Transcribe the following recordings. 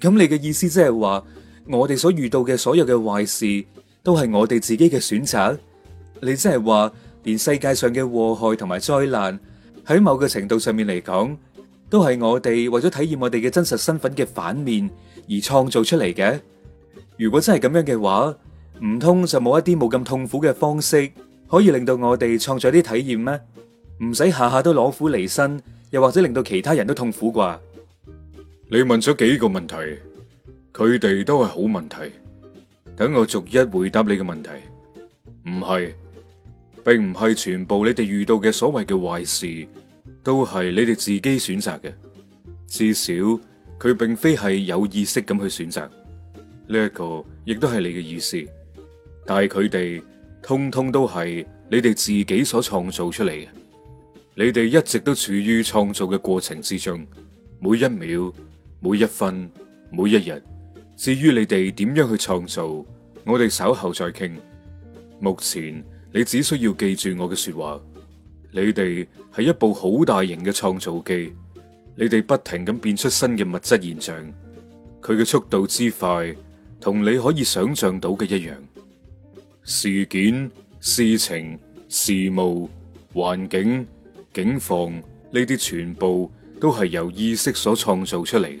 咁你嘅意思即係話，我哋所遇到嘅所有嘅壞事，都係我哋自己嘅選擇？你即係話，連世界上嘅禍害同埋災難，喺某個程度上面嚟講，都係我哋為咗體驗我哋嘅真實身份嘅反面而創造出嚟嘅？如果真係咁樣嘅話，唔通就冇一啲冇咁痛苦嘅方式，可以令到我哋創造啲體驗咩？唔使下下都攞苦離身，又或者令到其他人都痛苦啩？你問咗幾個問題，佢哋都係好問題。等我逐一回答你嘅問題。唔係，並唔係全部你哋遇到嘅所謂嘅壞事，都係你哋自己選擇嘅。至少佢並非係有意識咁去選擇呢一個，亦都係你嘅意思。但係佢哋通通都係你哋自己所創造出嚟嘅。你哋一直都處於創造嘅過程之中，每一秒。每一分，每一日，至於你哋點樣去創造，我哋稍後再傾。目前你只需要記住我嘅說話。你哋係一部好大型嘅創造機，你哋不停咁變出新嘅物質現象。佢嘅速度之快，同你可以想象到嘅一樣。事件、事情、事務、環境、境況，呢啲全部都係由意識所創造出嚟嘅。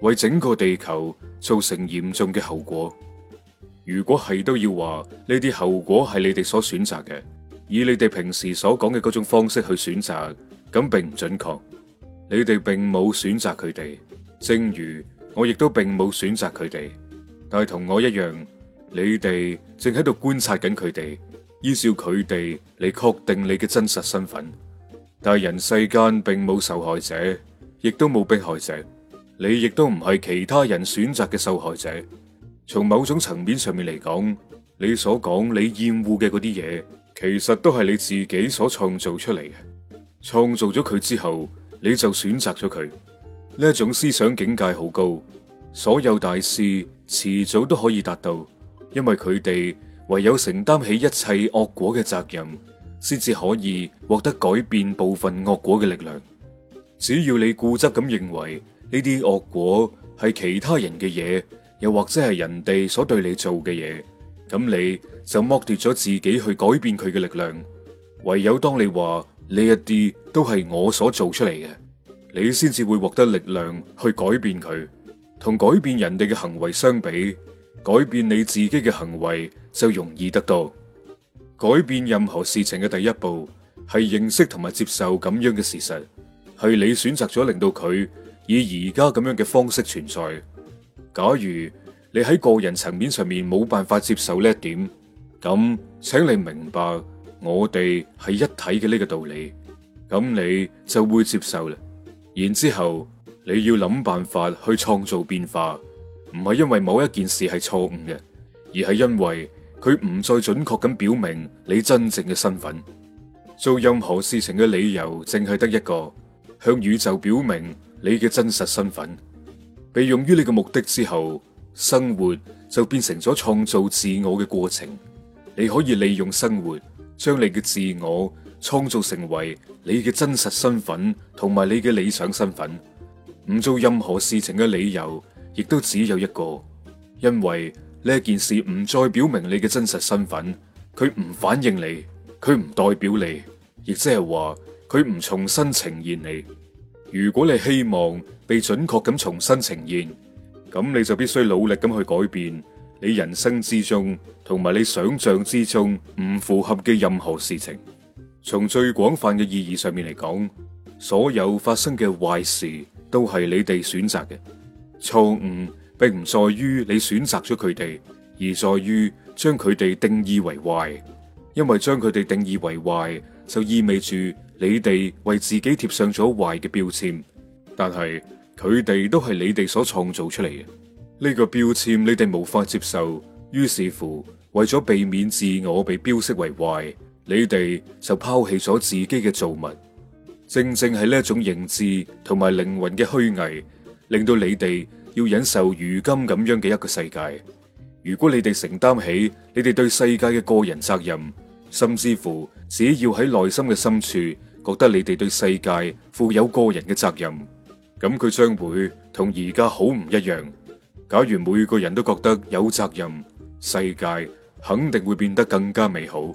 為整個地球造成嚴重嘅後果。如果係都要話，呢啲後果係你哋所選擇嘅，以你哋平時所講嘅嗰種方式去選擇，咁並唔準確。你哋並冇選擇佢哋，正如我亦都並冇選擇佢哋。但係同我一樣，你哋正喺度觀察緊佢哋，依照佢哋嚟確定你嘅真實身份。但係人世間並冇受害者，亦都冇迫害者。你亦都唔係其他人選擇嘅受害者。從某種層面上面嚟講，你所講你厭惡嘅嗰啲嘢，其實都係你自己所創造出嚟嘅。創造咗佢之後，你就選擇咗佢。呢一種思想境界好高，所有大事遲早都可以達到，因為佢哋唯有承擔起一切惡果嘅責任，先至可以獲得改變部分惡果嘅力量。只要你固執咁認為，呢啲惡果係其他人嘅嘢，又或者係人哋所對你做嘅嘢，咁你就剝奪咗自己去改變佢嘅力量。唯有當你話呢一啲都係我所做出嚟嘅，你先至會獲得力量去改變佢。同改變人哋嘅行為相比，改變你自己嘅行為就容易得多。改變任何事情嘅第一步，係認識同埋接受咁樣嘅事實，係你選擇咗令到佢，以而家咁樣嘅方式存在。假如你喺個人層面上面冇辦法接受呢一點，咁請你明白我哋係一體嘅呢個道理，咁你就會接受啦。然之後你要諗辦法去創造變化，唔係因為某一件事係錯誤嘅，而係因為佢唔再準確咁表明你真正嘅身份。做任何事情嘅理由淨係得一個，向宇宙表明。你嘅真實身份被用於你嘅目的之後，生活就變成咗創造自我嘅過程。你可以利用生活，將你嘅自我創造成為你嘅真實身份同埋你嘅理想身份。唔做任何事情嘅理由，亦都只有一個，因為呢件事唔再表明你嘅真實身份，佢唔反應你，佢唔代表你，亦即係話佢唔重新呈現你。如果你希望被準確咁重新呈現，咁你就必須努力咁去改變你人生之中同埋你想象之中唔符合嘅任何事情。從最廣泛嘅意義上面嚟講，所有發生嘅壞事都係你哋選擇嘅。錯誤，並唔在於你選擇咗佢哋，而在於將佢哋定義為壞。因為將佢哋定義為壞，就意味住。你哋為自己貼上咗壞嘅標籤，但係佢哋都係你哋所創造出嚟嘅呢個標籤，你哋無法接受，於是乎為咗避免自我被標識為壞，你哋就拋棄咗自己嘅造物。正正係呢一種認知同埋靈魂嘅虛偽，令到你哋要忍受如今咁樣嘅一個世界。如果你哋承擔起你哋對世界嘅個人責任，甚至乎只要喺內心嘅深處。覺得你哋對世界負有個人嘅責任，咁佢將會同而家好唔一樣。假如每個人都覺得有責任，世界肯定會變得更加美好。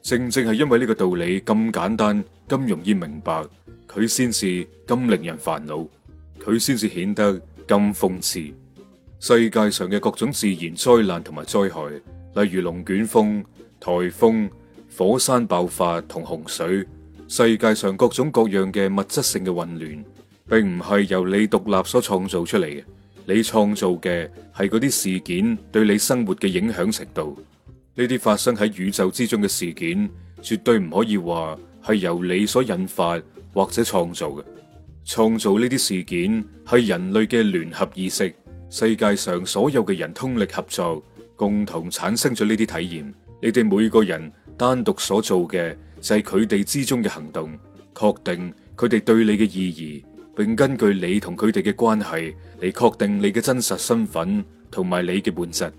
正正係因為呢個道理咁簡單，咁容易明白，佢先至咁令人煩惱，佢先至顯得咁諷刺。世界上嘅各種自然災難同埋災害，例如龍捲風、颱風、火山爆發同洪水。世界上各種各樣嘅物質性嘅混亂，並唔係由你獨立所創造出嚟嘅。你創造嘅係嗰啲事件對你生活嘅影響程度。呢啲發生喺宇宙之中嘅事件，絕對唔可以話係由你所引發或者創造嘅。創造呢啲事件係人類嘅聯合意識。世界上所有嘅人通力合作，共同產生咗呢啲體驗。你哋每個人單獨所做嘅就係佢哋之中嘅行動，確定佢哋對你嘅意義，並根據你同佢哋嘅關係嚟確定你嘅真實身份同埋你嘅本質。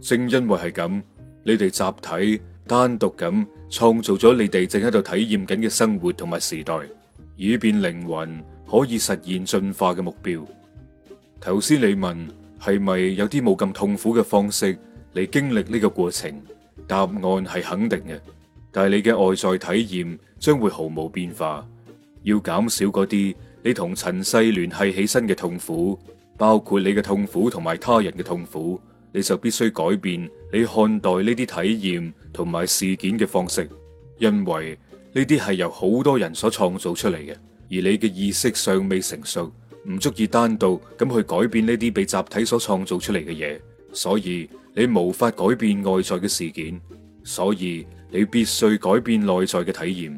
正因為係咁，你哋集體單獨咁創造咗你哋正喺度體驗緊嘅生活同埋時代，以便靈魂可以實現進化嘅目標。頭先你問係咪有啲冇咁痛苦嘅方式嚟經歷呢個過程？答案係肯定嘅。但係你嘅外在體驗將會毫無變化。要減少嗰啲你同塵世聯繫起身嘅痛苦，包括你嘅痛苦同埋他人嘅痛苦，你就必須改變你看待呢啲體驗同埋事件嘅方式，因為呢啲係由好多人所創造出嚟嘅，而你嘅意識尚未成熟，唔足以單獨咁去改變呢啲被集體所創造出嚟嘅嘢，所以你無法改變外在嘅事件。所以你必須改變內在嘅體驗，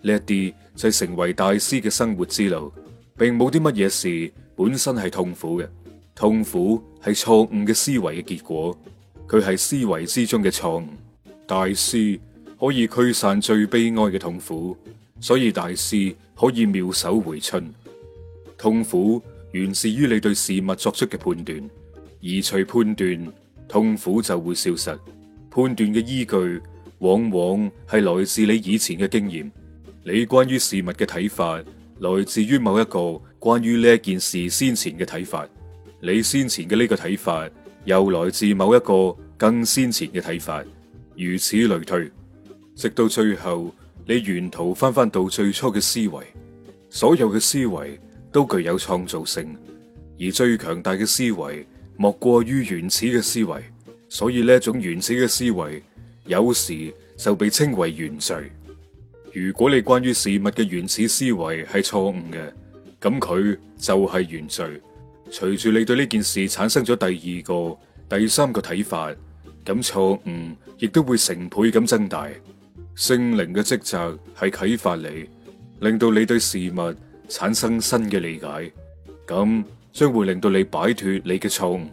呢一啲就成為大師嘅生活之路，並冇啲乜嘢事本身係痛苦嘅，痛苦係錯誤嘅思維嘅結果，佢係思維之中嘅錯誤。大師可以驅散最悲哀嘅痛苦，所以大師可以妙手回春。痛苦源自於你對事物作出嘅判斷，移除判斷，痛苦就會消失。判斷嘅依據，往往係來自你以前嘅經驗。你關於事物嘅睇法，來自於某一個關於呢件事先前嘅睇法。你先前嘅呢個睇法，又來自某一個更先前嘅睇法。如此類推，直到最後，你沿途返返到最初嘅思維。所有嘅思維都具有創造性，而最強大嘅思維，莫過於原始嘅思維。所以呢種原始嘅思維有時就被稱為原罪。如果你關於事物嘅原始思維係錯誤嘅，咁佢就係原罪。隨住你對呢件事產生咗第二個、第三個睇法，咁錯誤亦都會成倍咁增大。聖靈嘅職責係啟發你，令到你對事物產生新嘅理解，咁將會令到你擺脫你嘅錯誤。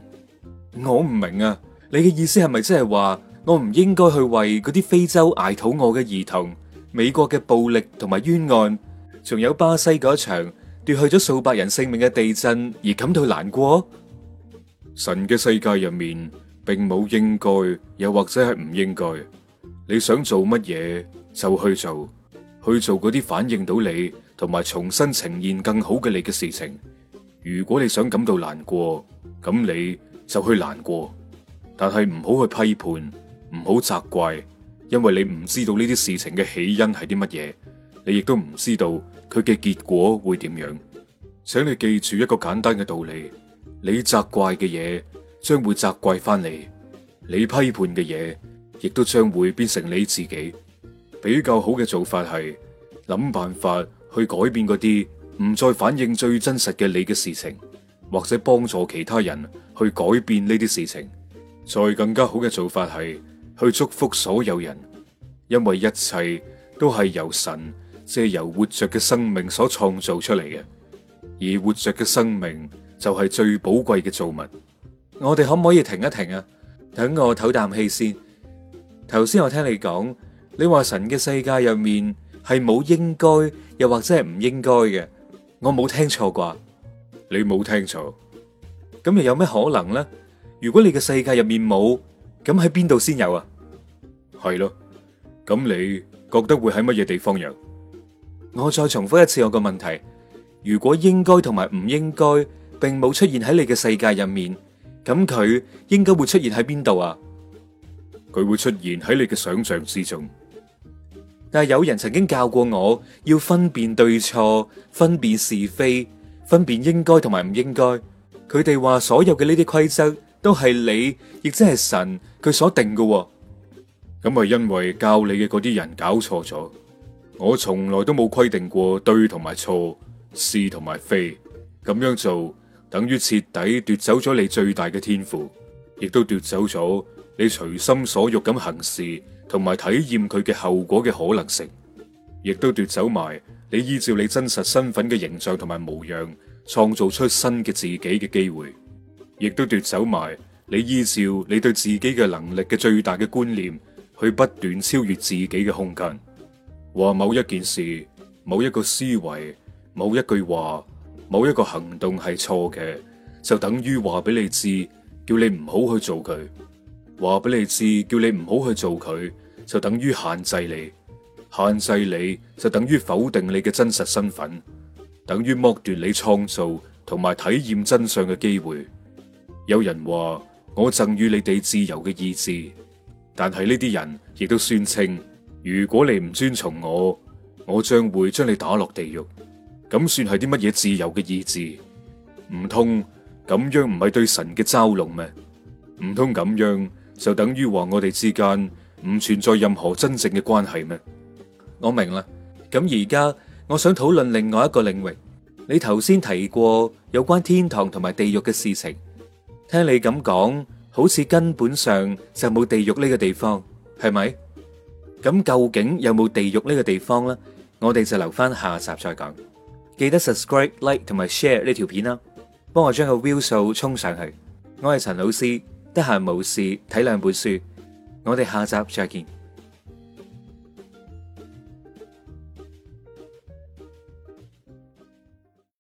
我唔明啊。你嘅意思係咪即係話我唔應該去為嗰啲非洲捱肚餓嘅兒童、美國嘅暴力同埋冤案，仲有巴西嗰場奪去咗數百人性命嘅地震而感到難過？神嘅世界入面並冇應該，又或者係唔應該。你想做乜嘢就去做，去做嗰啲反映到你同埋重新呈現更好嘅你嘅事情。如果你想感到難過，咁你就去難過。但係唔好去批判，唔好責怪，因為你唔知道呢啲事情嘅起因係啲乜嘢，你亦都唔知道佢嘅結果會點樣。請你記住一個簡單嘅道理：你責怪嘅嘢將會責怪翻嚟，你批判嘅嘢亦都將會變成你自己。比較好嘅做法係諗辦法去改變嗰啲唔再反映最真實嘅你嘅事情，或者幫助其他人去改變呢啲事情。再更加好嘅做法係去祝福所有人，因為一切都係由神，即係由活着嘅生命所創造出嚟嘅，而活着嘅生命就係最寶貴嘅造物。我哋可唔可以停一停啊？等我唞啖氣先。頭先我聽你講，你話神嘅世界入面係冇應該，又或者係唔應該嘅。我冇聽錯啩？你冇聽錯？咁又有咩可能呢？如果你嘅世界入面冇，咁喺邊度先有啊？係咯，咁你覺得會喺乜嘢地方有？我再重複一次我個問題：如果應該同埋唔應該，並冇出現喺你嘅世界入面，咁佢應該會出現喺邊度啊？佢會出現喺你嘅想象之中。但係有人曾經教過我要分辨對錯、分辨是非、分辨應該同埋唔應該。佢哋話所有嘅呢啲規則。都係你，亦即係神佢所定㗎喎。咁係因為教你嘅嗰啲人搞錯咗。我從來都冇規定過對同埋錯，是同埋非。咁樣做等於徹底奪走咗你最大嘅天賦，亦都奪走咗你隨心所欲咁行事同埋體驗佢嘅後果嘅可能性，亦都奪走埋你依照你真實身份嘅形象同埋模樣創造出新嘅自己嘅機會。亦都奪走埋你依照你對自己嘅能力嘅最大嘅觀念，去不斷超越自己嘅空間。話某一件事、某一個思維、某一句話、某一個行動係錯嘅，就等於話俾你知，叫你唔好去做佢。話俾你知，叫你唔好去做佢，就等於限制你，限制你就等於否定你嘅真實身份，等於剝奪你創造同埋體驗真相嘅機會。有人話，我贈予你哋自由嘅意志，但係呢啲人亦都宣稱，如果你唔遵從我，我將會將你打落地獄。咁算係啲乜嘢自由嘅意志？唔通咁樣唔係對神嘅嘲弄咩？唔通咁樣就等於話我哋之間唔存在任何真正嘅關係咩？我明啦。咁而家我想討論另外一個領域。你頭先提過有關天堂同埋地獄嘅事情。聽你咁講，好似根本上就冇地獄呢個地方，係咪？咁究竟有冇地獄呢個地方咧？我哋就留翻下集再講。記得 subscribe、like 同埋 share 呢條片啦，幫我將個 view 數沖上去。我係陳老師，得閒無事睇兩本書，我哋下集再見。